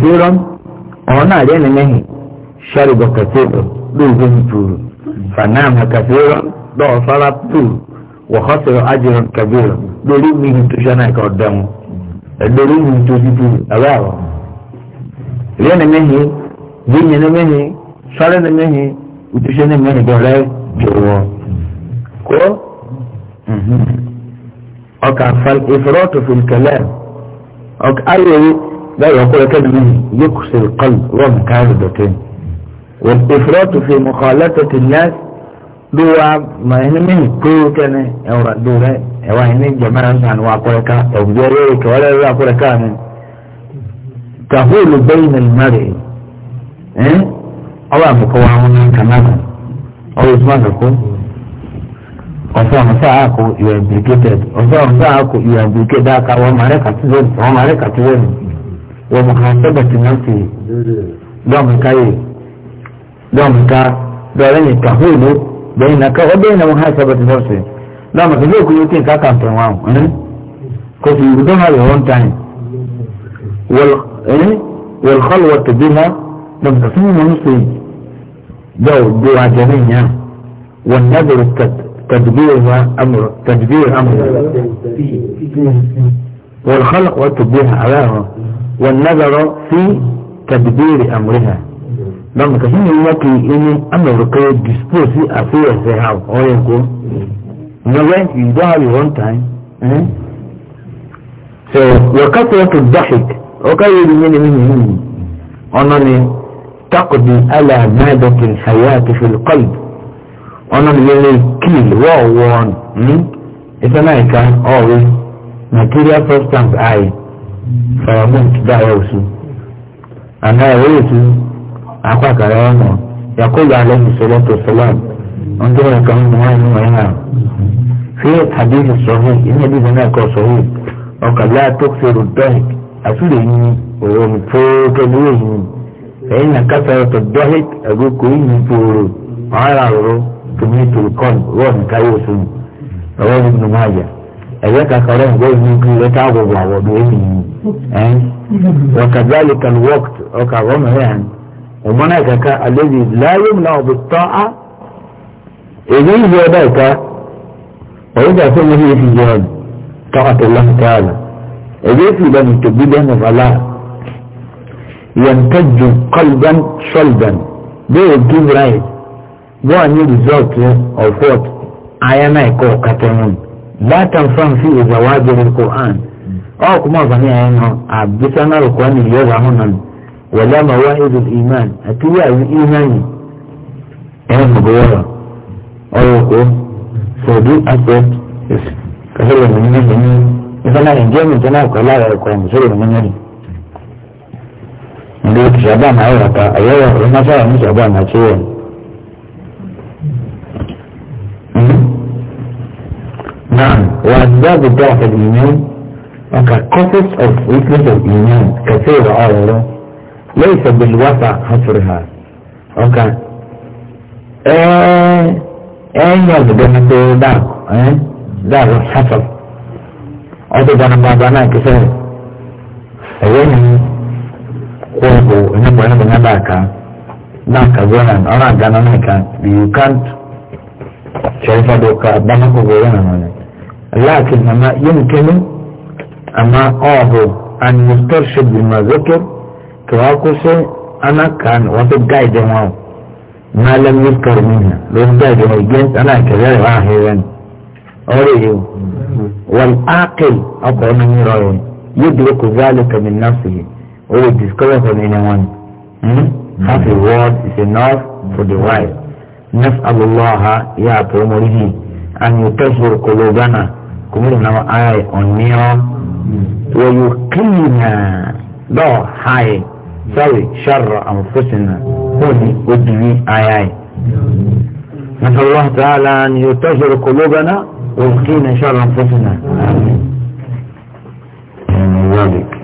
kẹsìrán ọ̀hún náà rí ẹni mẹ́hìn ṣẹ́rì bọ̀ kẹsìrán lóògbé ní tuuru fanam kẹsìrán lọ́wọ́ fara tuuru wọ́kọ́sọ̀rọ̀ ajẹ́rán kẹsìrán lórí mi ní tuṣẹ́ náà kọ́ dẹ́mu lórí mi ní tuṣẹ́ tuuru ẹ̀rọ àwọ̀ rí ẹni mẹ́hìn gbẹ̀yìn ẹni mẹ́hìn sọ́rẹ́ ẹni mẹ́hìn ìtuṣẹ́ ẹni mẹ́hìn dọ̀rẹ́ jọ̀wọ́ kó ọkà ìfọ̀rọ̀tò fún kẹlẹ́ ọkà ayẹyẹ báyọ̀ kọ́ ẹ̀kẹ́ mi yóò ṣe kọ́lù wọ́n mi káàrì dọ̀tẹ́ ni. wọ́n ìfúrọ́tù fi mọ̀kọ́ alátọ̀tì náà ló wá mà ẹni mí kó kẹ́ni ẹ̀wọ̀rọ̀ dùn rẹ̀ ẹ̀wọ̀n ẹni jẹ̀mẹ́ ẹ̀ńsán wà kọ́rẹ́ká ẹ̀wùjọ́ rẹ̀ kẹ́wọ́rẹ́ rẹ̀ kọ́rẹ́ká mi. kàhóòlù bẹ́yìn ẹ̀lmárì ẹ̀ ọwọ́ àbùkọ́ wa wọn ní kànáàkù ọwọ́ ìsúná kàkó ọ̀sẹ̀ ọ̀sẹ̀ àkó you are implicated ọ̀sẹ̀ ọ̀sẹ̀ àkó you are implicated ومحاسبة نفسه دوم كاي دوم كا دوم كهود بينك وبين محاسبة نفسه دوم كذلك يمكن كاكام تنوام إيه؟ كوفي يقدمها لهون تاني وال إيه؟ والخلوة بها لم تصمم نفسه دو دو عجمية والنذر تدبيرها أمر تدبير أمر والخلق وتدبيرها علىها والنظر في تدبير أمرها لما كان يوكي إن أمريكا dispose affairs they have or you go no when you don't have your own time eh? so وكثرة الضحك وكثرة من من أنني تقضي على مادة الحياة في القلب أنني من كيل ووان إذا ما كان always material substance I fayamut da ya su ana yau su akwa kare ya kula alaihi salatu wasalam mu wani mu yana fi hadisi sahih na sahih o kala tuksiru dahik ni o foto ni ni وكذلك الوقت وكعظم يعني ومنعك الذي لا يمنع بالطاعة إذن ذلك وإذا كل في الجهاد طاعة الله تعالى إذن في بني تبدأ فلا ينتج قلبا شلبا they will give right go and need result of what لا تنفهم فيه زواجر القرآن او كما ظنيا يعني عبسنا القرآن اليوم هنا ولا مواهب الإيمان أتيا الإيمان أهم بورا او كو صدوق أسد كهلا من يجني إذا أنا جاي من جناب كلا يا القرآن سورة من يجني ndio kishaba na yeye ayo yeye unafaa mshaba na chuo نعم وأسباب ضعف الإيمان Okay, causes of weakness of iman كثيرة أولا ليس بالوفاء حصرها. Okay. Eh, eh, yang dengan tu dah, eh, dah hasal. Ada dalam babana kisah. Saya ni, kubu, ini boleh mengatakan, nak kagunan, orang jangan nak, you can't. Saya faham doka, banyak kubu yang mana. Lakin, mana, yang kini, أما ọhụ أن mustar shabi ma zotor أنا كان ana kan wata gaidin wa malam yuskar minna don gaidin wa against ana kazar wa heaven ore yau wal aqil akwai mani rawin yudriku zalika min nafsihi or will discover from anyone hmm? half a word is enough for the wife نسأل الله يا أبو مريه أن يطهر قلوبنا كمرنا آي أنيوم ويقينا ضع هاي سوي شر أنفسنا هوني ودني آياي نسأل الله تعالى أن يطهر قلوبنا ويقينا شر أنفسنا آمين ذلك